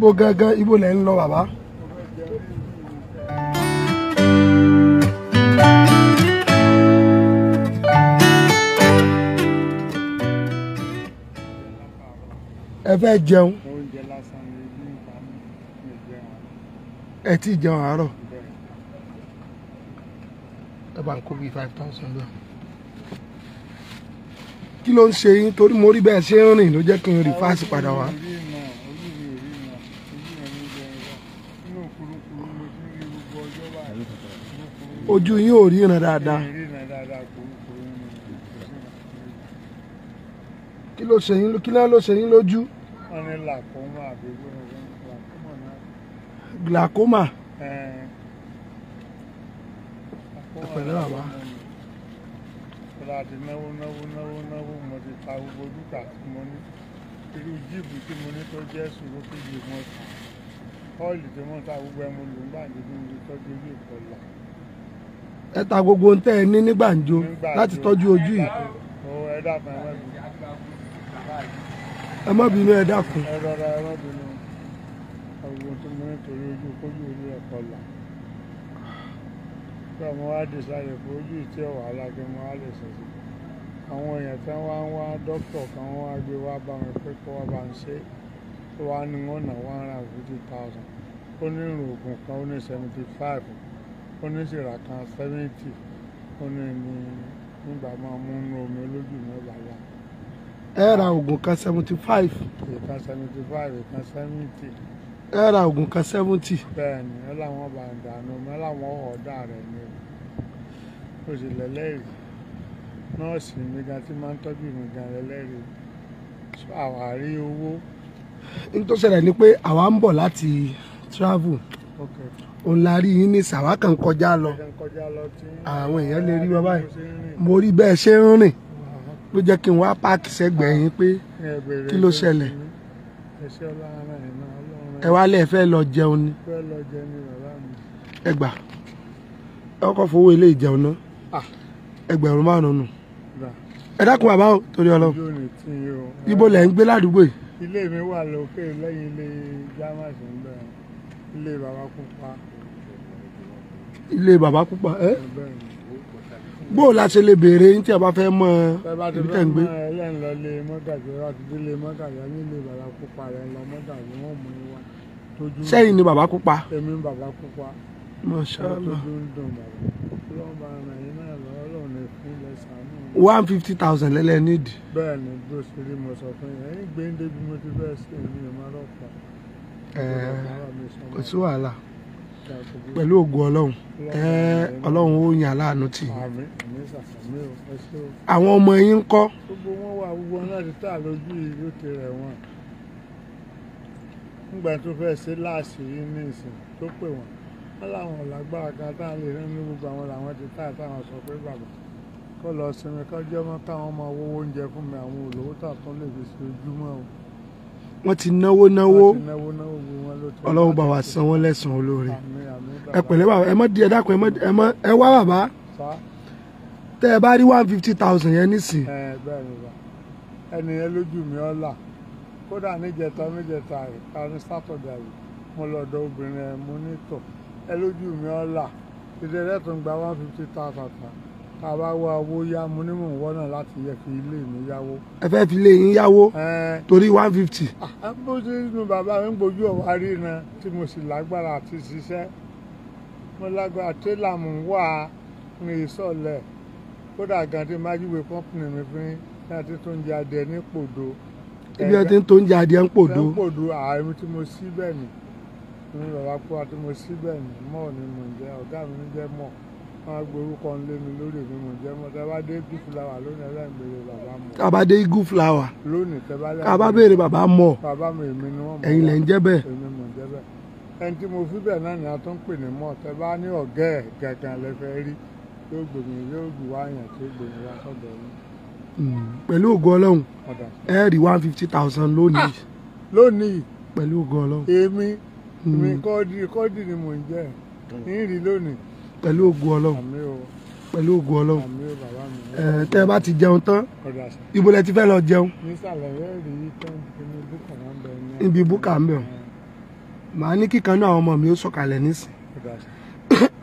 ibo gangan ibo lẹ ń lọ bàbá. ẹ fẹ́ jẹun ẹ ti jẹun àárọ̀ ẹ bá ń kó bíi five thousand lọ kí ló ń ṣe yín torí mo rí bẹ́ẹ̀ ṣe ń rìn ló jẹ́ kí n rí fáàsì padà wá. ojú yín ò ríran dáadáa kí ló ṣe yín kí ló ṣe yín lójú. glaucoma pẹ̀lú àwa. ọ̀la náwó náwó náwó náwó mo ti ta gbogbo dúkà tí mo ní irú jíìpù tí mo ní tó jẹ́ sùúrù kí yìí mo sàn ọ́ìlì tó mọ́ ta gbogbo ẹmu ló ń gbàǹjo tó ń lè tọ́jú ojú ìkọlà. ẹ ta gbogbo ohun tẹ́ ẹ ní ní gbàǹjo láti tọ́jú ojú yìí. ó ẹ dákun ẹ má bínú. ẹ má bínú ẹ dákun. ẹ rọra ẹ má bínú ọgbọ́n tó mú nítorí ojú kójú ojú ìkọlà. pé ọmọ wa dì sáré fún ojú ìtí ọ̀wà alágbé ọmọ wa lè sọ̀tì. àwọn èèyàn tí wọ́n wá dókítà kan wọ́n wá gbé wá bá wọn pé kó wá bá ń ṣe é. one one na one hundred fifty thousand ó ní irun oògùn kan ó ní seventy five ó ní sìrà kan seventy ó ní ní nígbà máa mú inú omi olójú mi ó ẹ ra oògùn kan seventy five. ìkan seventy five ìkan seventy. ẹ ra oògùn kan seventy. bẹ́ẹ̀ni ẹ làwọn bá ń dànù mi ẹ làwọn ọ̀ọ́dà rẹ̀ ni o sì lẹ́lẹ́rìí nọ́ọ̀sì mi gan tí máa ń tọ́jú mi gan lẹ́lẹ́rìí àwárí owó. n tó ṣẹlẹ̀ ni pé àwa ń bọ̀ láti travel òun la rí yín ní sàwá kan kọjá lọ àwọn èèyàn lè rí wọn báyìí mo rí bẹ́ẹ̀ ṣe ń rìn ló jẹ́ kí n wá páàkì sẹ́gbẹ̀ẹ́ yín pé kí ló ṣẹlẹ̀ ẹ wá lẹ́ẹ̀ fẹ́ lọ jẹun ni ẹ gbà ẹ kọ́kọ́ fowó ilé ìjẹun náà ẹgbẹ̀rún márùn-ún nù ẹ dákun bàbá o torí Ọlọ́run ibo lẹ ń gbé ládùúgbò yìí. ilé mi wà lókè lẹ́yìn ilé jámàsì ń bẹ̀rẹ̀ ilé bàbá pupa. ẹ bó la ṣe lè béèrè yín tí a bá fẹ́ mọ ibi tẹ̀ ń gbé. sẹ́yìn ni bàbá pupa. one fifty thousand lẹ́lẹ́ need. bẹ́ẹ̀ ni bó ṣe rí mo sọ fún yín ẹ̀yin gbé ń débi mo ti fẹ́ ṣe èmi ìmọ̀ ọlọ́pàá kò sí wàhálà pẹ̀lú ògùn ọlọ́run ọlọ́run ó yàn láàánú tì í àwọn ọmọ yín ń kọ́. gbogbo wọn wà gbogbo náà ti tà lójú ìlú tirẹ̀ wọn nígbà tó fẹ́ ṣe láàṣì yìí ní ìsìn tó pè wọ́n wọn láwọn lágbára kan tá lè rí ní gbogbo àwọn làwọn ti tà táwọn sọ pé bàbá kọ́ lọ sinmi kọ́jọ́ mọ́ káwọn máa wọ́wọ́ oúnjẹ fún mi àwọn olówó tà tún lè fi ṣe ojúmọ́ o wọ́n ti náwó náwó ọlọ́run bá wa san wọ́n lẹ́sàn-án olóore ẹ pẹ̀lẹ́ bàbá ẹ mọ́ di ẹ dákun ẹ mọ́ ẹ wá bàbá tẹ́ ẹ bá rí one fifty thousand yẹn nísìn. ẹ bẹ́ẹ̀ ni bá ẹni yẹn lójú mi ọ̀la kódà níjẹta méjẹta rẹ̀ kárí sátọ̀dà rẹ̀ mo lọ́dọ̀ obìnrin ẹ̀ mo ní ẹ lójú mi ọ̀la ìdẹ́rẹ́ tó ń gba one fifty thousand ká bá wá owó yá mo ní mò ń wọ́nà láti yẹ fi ilé mi yáwó. ẹ fẹ́ fi ilé yín yáwó torí one fifty. bó ṣe nu bàbá mi ń gbójú ọ̀wá rí na tí mo sì lágbára àti ṣiṣẹ́ mo lágbára tẹ́lá mò ń wà á ní ìsọ̀lẹ̀ kódà gan tí májúwe kọ́pìnì mi fi láti tó ń jẹ adìẹ ní pòdo. ibi ẹ ti ń tó ń jẹ adìẹ ń pòdo. ń pòdo ààrùn tí mo sí bẹ́ẹ̀ ni mo ní bàbá kó wa tí mo sí bẹ́ẹ̀ ni mọ́ọ̀ ni mò ń jẹ ọ̀gá mi ń jẹ́ mọ́ọ̀ wọ́n gborúkọ ńlé mi lórí mi mo jẹ́ mo tẹ́ bá dé igú fúláwà lónìí ẹlẹ́gbẹ̀rẹ̀ bàbá mọ̀. kàbá dé igú fúláwà. lónìí tẹ́ bá lẹ́gbẹ̀rẹ̀. kàbá béèrè bàbá mọ̀. bàbá mi èmi ni wọ́n mọ̀. ẹ̀yin lẹ̀ ń jẹ́ bẹ́ẹ̀. èmi mò ń jẹ́ bẹ́ẹ̀. ẹni tí mo fi bẹ̀ náà ni a tún pè ní mọ̀ tẹ́ bá ní ọ̀gẹ́ ẹ̀ gàgàn lẹ rí yóò gbèmí yóò yóò gbèmí hmm, ah, hmm. ni pẹ̀lú ògùn ọlọ́run pẹ̀lú ògùn ọlọ́run tẹ́ ẹ bá ti jẹun tán ibo lẹ ti fẹ́ lọ jẹun níbi búkà ń bẹ̀ ọ́ màá ní kíkan náà àwọn ọmọ mi ó sọ̀kalẹ̀ nísìn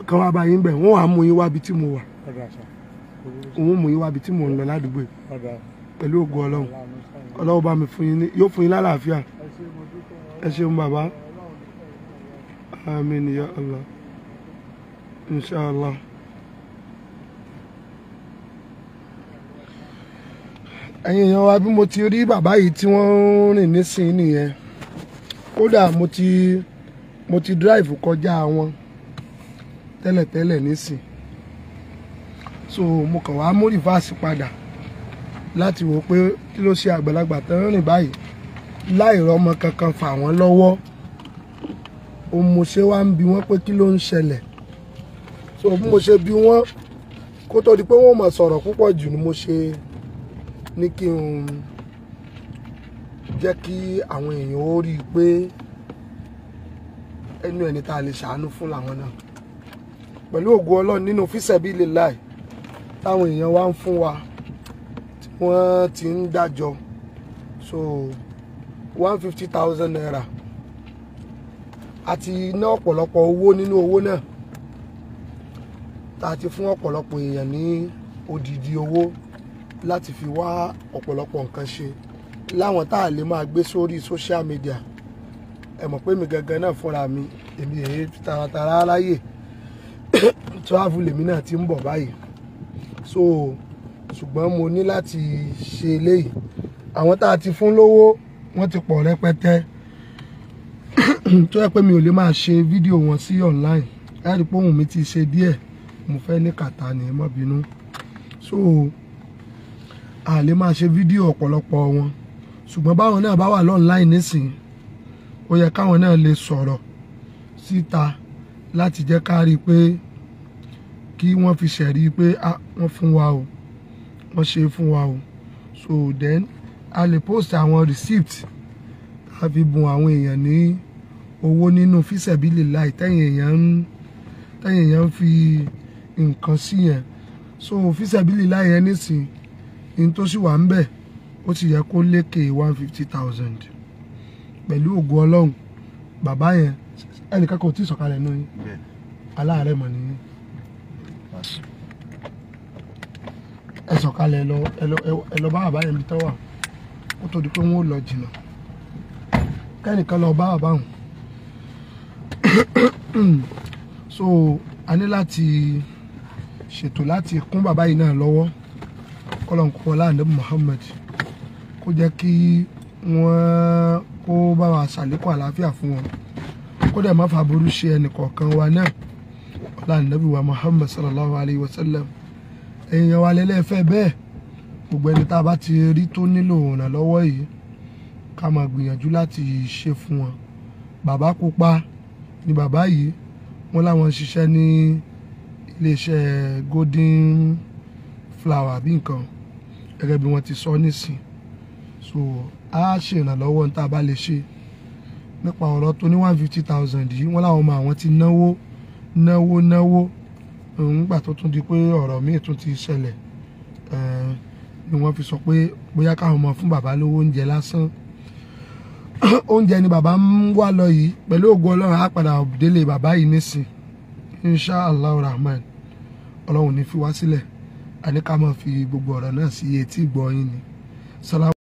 kan wá báyìí ń bẹ̀ wọ́n wàá mú yín wábi tí mo wà òun mú yín wábi tí mo ń lọ ládùúgbò yìí pẹ̀lú ògùn ọlọ́run ọlọ́run bá mi fún yín yóò fún yín lálàáfíà ẹ ṣeun bàbá àmín ya Allah. Inshallah, شاء الله ẹ̀yin èèyàn wa bí mo ti rí bàbá yìí tí wọ́n rìn nísìnyí nìyẹn kódà mo ti mo ti drive kọjá wọn tẹ́lẹ̀tẹ́lẹ̀ nísìn so mo kàn wá mú rìfáàsì padà láti wò pé kí ló ṣe àgbàlagbà tán rìn báyìí láì rọmọ kankan fà wọ́n lọ́wọ́ òun mo ṣe wá ń bi wọ́n pé kí ló ń ṣẹlẹ̀ so bí mo ṣe bí wọ́n kó tó di pé wọ́n máa sọ̀rọ̀ púpọ̀ jù ni mo ṣe ní kí n jẹ́ kí àwọn èèyàn ó rí i pé ẹnu ẹni tá a lè ṣàánú fún làwọn náà pẹ̀lú ògo ọlọ́run nínú fíṣẹ̀bí lè láì táwọn èèyàn wá ń fún wa tí wọ́n ti ń dájọ́ so one fifty thousand naira àti ná ọ̀pọ̀lọpọ̀ owó nínú owó náà tá a ti fún ọ̀pọ̀lọpọ̀ èèyàn ní odidi owó láti fi wá ọ̀pọ̀lọpọ̀ nǹkan ṣe láwọn tá a lè máa gbé sórí social media ẹ mọ̀ pé mi gangan náà fúnra mi èmi èyí taratara láyè travel lèmi náà ti ń bọ̀ báyìí so ṣùgbọ́n mo ní láti ṣe eléyìí àwọn tá a ti fún lówó wọ́n ti pọ̀ rẹpẹtẹ tó yẹ pé mi ò lè máa ṣe fídíò wọn sí online láti pé òun mi ti ṣe díẹ̀ mo fẹ́ ní kàtá ni ẹ bínú so a lè máa ṣe fídíò ọ̀pọ̀lọpọ̀ wọn ṣùgbọ́n báwọn náà bá wà lọ́nláì nísìnyí ó yẹ káwọn náà lè sọ̀rọ̀ síta láti jẹ́ ká rí i pé kí wọ́n fi ṣẹ̀rí pé ah, wọ́n fún wa o wọ́n ṣe fún wa o so then a lè post àwọn receipt a fi bùn àwọn èèyàn ní owó nínú fíṣẹ̀bílì láì tẹ̀yìn èèyàn ń tẹ̀yìn èèyàn ń fi nǹkan sí yẹn so fíṣẹ́bílì láyé ẹ nísìn in tó sì wà ń bẹ̀ ó ti yẹ kó lékè one fifty thousand pẹ̀lú ògùn ọlọ́run bàbá yẹn ẹnìkan kò tí ì sọ̀kalẹ̀ náà yín aláàárẹ̀ mọ̀ nìyí ẹ sọ̀kalẹ̀ ẹ lọ bá bàbá yẹn bí tọ́wà ó tó di pé wọ́n ó lọ jìnnà kẹ́nìkan lọ bá bàbá wọn so a ní láti ṣètò láti kún bàbá yìí náà lọ́wọ́ kọ́lọ́n kọ́ láàánú Muhammad kó jẹ́ kí wọ́n kó bá wa ṣàlékún àlàáfíà fún wọn kó má fa burú ṣe ẹnìkọ̀ọ̀kan wa náà láàánú wa Muhammad sallallahu alayhi wa sallam èèyàn wa lẹ́lẹ́fẹ́ bẹ́ẹ̀ gbogbo ẹni tá a bá ti rí tó nílò ìrànlọ́wọ́ yìí ká máa gbìyànjú láti ṣe fún wọn bàbá pupa ni bàbá yìí wọn láwọn ṣiṣẹ́ ní. Ni iléeṣẹ́ golden flower àbí nǹkan gẹ́gẹ́ bí wọ́n ti sọ nísìn so a ṣèrànlọ́wọ́ ní tá a bá lè ṣe nípa ọ̀rọ̀ tó ní one fifty thousand yìí wọ́n láwọn ọmọ àwọn ti náwó náwó náwó nígbà tó tún di pé ọ̀rọ̀ míì tún ti ṣẹlẹ̀ ni wọ́n fi sọ pé bóyá káwọn ọmọ fún bàbá lówó oúnjẹ lásán oúnjẹ ni bàbá ń wá lọ yìí pẹ̀lú ògo ọlọ́run á padà délé bàbá yìí nísìn Inshallah, allah rahman ọlọ́run ní fi wá sílẹ̀ àní ká máa fi gbogbo ọ̀rọ̀ náà sí etí gbọ́ yín ni.